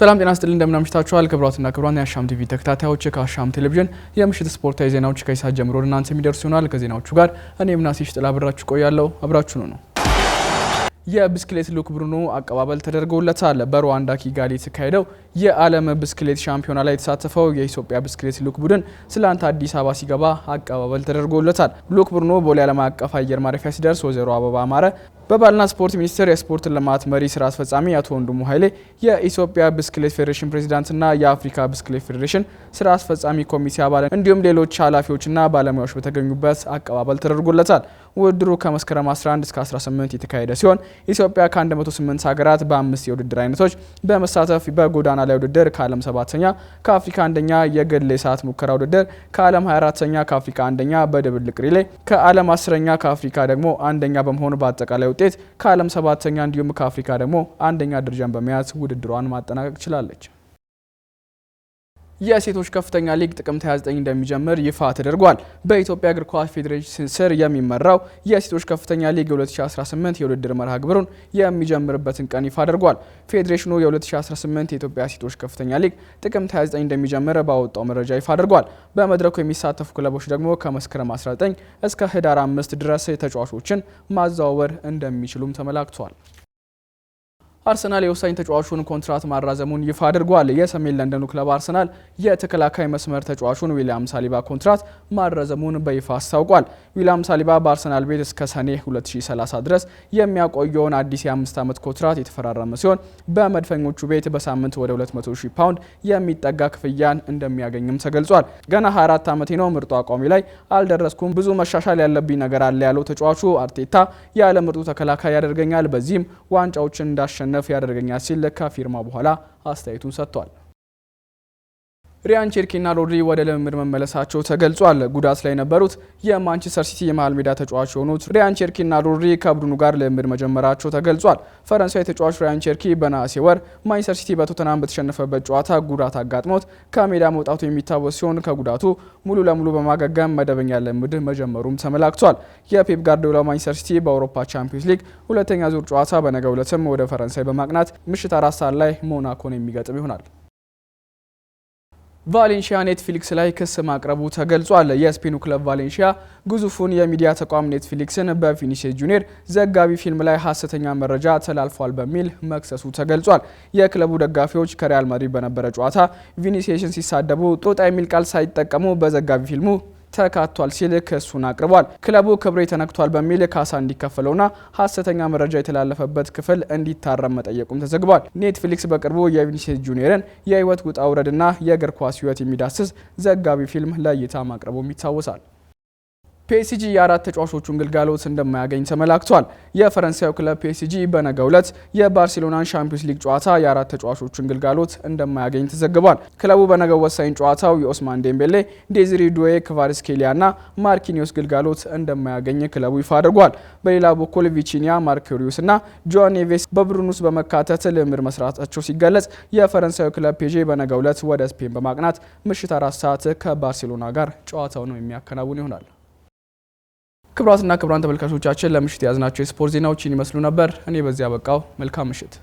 ሰላም ጤና ስጥል እንደምናምሽታችኋል። ክብሯትና ክብሯን የአሻም ቲቪ ተከታታዮች ከአሻም ቴሌቪዥን የምሽት ስፖርታዊ ዜናዎች ከይሳት ጀምሮ እናንተ የሚደርሱ ይሆናል። ከዜናዎቹ ጋር እኔ ምናሴሽ ጥላ አብራችሁ ቆያለሁ። አብራችሁኑ ነው የብስክሌት ሉክ ብሩኖ አቀባበል ተደርጎለታል። በሩዋንዳ ኪጋሊ የተካሄደው የዓለም ብስክሌት ሻምፒዮና ላይ የተሳተፈው የኢትዮጵያ ብስክሌት ሉክ ቡድን ትላንት አዲስ አበባ ሲገባ አቀባበል ተደርጎለታል። ሉክ ብሩኖ ቦሌ ዓለም አቀፍ አየር ማረፊያ ሲደርስ ወይዘሮ አበባ አማረ በባልና ስፖርት ሚኒስቴር የስፖርት ልማት መሪ ስራ አስፈጻሚ አቶ ወንድሙ ኃይሌ፣ የኢትዮጵያ ብስክሌት ፌዴሬሽን ፕሬዚዳንትና የአፍሪካ ብስክሌት ፌዴሬሽን ስራ አስፈጻሚ ኮሚቴ አባል እንዲሁም ሌሎች ኃላፊዎችና ባለሙያዎች በተገኙበት አቀባበል ተደርጎለታል። ውድድሩ ከመስከረም 11 እስከ 18 የተካሄደ ሲሆን ኢትዮጵያ ከ108 ሀገራት በአምስት የውድድር አይነቶች በመሳተፍ በጎዳና ላይ ውድድር ከዓለም ሰባተኛ፣ ከአፍሪካ አንደኛ፣ የግል የሰዓት ሙከራ ውድድር ከዓለም 24ተኛ፣ ከአፍሪካ አንደኛ፣ በድብልቅ ሪሌ ከዓለም አስረኛ፣ ከአፍሪካ ደግሞ አንደኛ በመሆኑ በአጠቃላይ ውጤት ከዓለም ሰባተኛ እንዲሁም ከአፍሪካ ደግሞ አንደኛ ደረጃን በመያዝ ውድድሯን ማጠናቀቅ ችላለች። የሴቶች ከፍተኛ ሊግ ጥቅምት 29 እንደሚጀምር ይፋ ተደርጓል። በኢትዮጵያ እግር ኳስ ፌዴሬሽን ስር የሚመራው የሴቶች ከፍተኛ ሊግ 2018 የውድድር መርሃ ግብሩን የሚጀምርበትን ቀን ይፋ አድርጓል። ፌዴሬሽኑ የ2018 የኢትዮጵያ ሴቶች ከፍተኛ ሊግ ጥቅምት 29 እንደሚጀምር ባወጣው መረጃ ይፋ አድርጓል። በመድረኩ የሚሳተፉ ክለቦች ደግሞ ከመስከረም 19 እስከ ህዳር 5 ድረስ ተጫዋቾችን ማዘዋወር እንደሚችሉም ተመላክቷል። አርሰናል የወሳኝ ተጫዋቹን ኮንትራት ማራዘሙን ይፋ አድርጓል። የሰሜን ለንደኑ ክለብ አርሰናል የተከላካይ መስመር ተጫዋቹን ዊሊያም ሳሊባ ኮንትራት ማራዘሙን በይፋ አስታውቋል። ዊሊያም ሳሊባ በአርሰናል ቤት እስከ ሰኔ 2030 ድረስ የሚያቆየውን አዲስ የአምስት ዓመት ኮንትራት የተፈራረመ ሲሆን በመድፈኞቹ ቤት በሳምንት ወደ 200 ሺህ ፓውንድ የሚጠጋ ክፍያን እንደሚያገኝም ተገልጿል። ገና 24 ዓመቴ ነው፣ ምርጡ አቋሚ ላይ አልደረስኩም፣ ብዙ መሻሻል ያለብኝ ነገር አለ ያለው ተጫዋቹ አርቴታ ያለ ምርጡ ተከላካይ ያደርገኛል፣ በዚህም ዋንጫዎችን እንዳሸ እንድሸነፍ ያደርገኛል ሲል ፊርማ በኋላ አስተያየቱን ሰጥቷል። ሪያን ቼርኪና ሮድሪ ወደ ልምምድ መመለሳቸው ተገልጿል። ጉዳት ላይ የነበሩት የማንቸስተር ሲቲ የመሃል ሜዳ ተጫዋች የሆኑት ሪያን ቼርኪና ሮድሪ ከቡድኑ ጋር ልምምድ መጀመራቸው ተገልጿል። ፈረንሳዊ ተጫዋች ሪያን ቼርኪ በነሐሴ ወር ማንቸስተር ሲቲ በቶተናም በተሸነፈበት ጨዋታ ጉዳት አጋጥሞት ከሜዳ መውጣቱ የሚታወስ ሲሆን ከጉዳቱ ሙሉ ለሙሉ በማገገም መደበኛ ልምምድ መጀመሩም ተመላክቷል። የፔፕ ጋርዲዮላ ማንቸስተር ሲቲ በአውሮፓ ቻምፒዮንስ ሊግ ሁለተኛ ዙር ጨዋታ በነገው ዕለትም ወደ ፈረንሳይ በማቅናት ምሽት አራት ሰዓት ላይ ሞናኮን የሚገጥም ይሆናል። ቫሌንሺያ ኔትፍሊክስ ላይ ክስ ማቅረቡ ተገልጿል። የስፔኑ ክለብ ቫሌንሺያ ግዙፉን የሚዲያ ተቋም ኔትፍሊክስን በቪኒሲየስ ጁኒየር ዘጋቢ ፊልም ላይ ሐሰተኛ መረጃ ተላልፏል በሚል መክሰሱ ተገልጿል። የክለቡ ደጋፊዎች ከሪያል ማድሪድ በነበረ ጨዋታ ቪኒሲየስን ሲሳደቡ ጦጣ የሚል ቃል ሳይጠቀሙ በዘጋቢ ፊልሙ ተካቷል ሲል ክሱን አቅርቧል። ክለቡ ክብሬ ተነክቷል በሚል ካሳ እንዲከፈለውና ሀሰተኛ መረጃ የተላለፈበት ክፍል እንዲታረም መጠየቁም ተዘግቧል። ኔትፍሊክስ በቅርቡ የቪኒሲየስ ጁኒየርን የህይወት ውጣ ውረድና የእግር ኳስ ህይወት የሚዳስስ ዘጋቢ ፊልም ለእይታ ማቅረቡም ይታወሳል። ፒኤስጂ የአራት ተጫዋቾቹን ግልጋሎት እንደማያገኝ ተመላክቷል። የፈረንሳዩ ክለብ ፒኤስጂ በነገ ዕለት የባርሴሎናን ሻምፒዮንስ ሊግ ጨዋታ የአራት ተጫዋቾቹን ግልጋሎት እንደማያገኝ ተዘግቧል። ክለቡ በነገ ወሳኝ ጨዋታው የኦስማን ዴምቤሌ፣ ዴዚሪ ዱዌ፣ ክቫርስኬሊያ ና ማርኪኒዮስ ግልጋሎት እንደማያገኝ ክለቡ ይፋ አድርጓል። በሌላ በኩል ቪቺኒያ ማርኪሪዩስ ና ጆን ኔቬስ በቡድን ውስጥ በመካተት ልምምድ መስራታቸው ሲገለጽ የፈረንሳዩ ክለብ ፔዤ በነገ ዕለት ወደ ስፔን በማቅናት ምሽት አራት ሰዓት ከባርሴሎና ጋር ጨዋታው ነው የሚያከናውን ይሆናል። ክቡራትና ክቡራን ተመልካቾቻችን ለምሽት የያዝናቸው የስፖርት ዜናዎችን ይመስሉ ነበር። እኔ በዚያ በቃው። መልካም ምሽት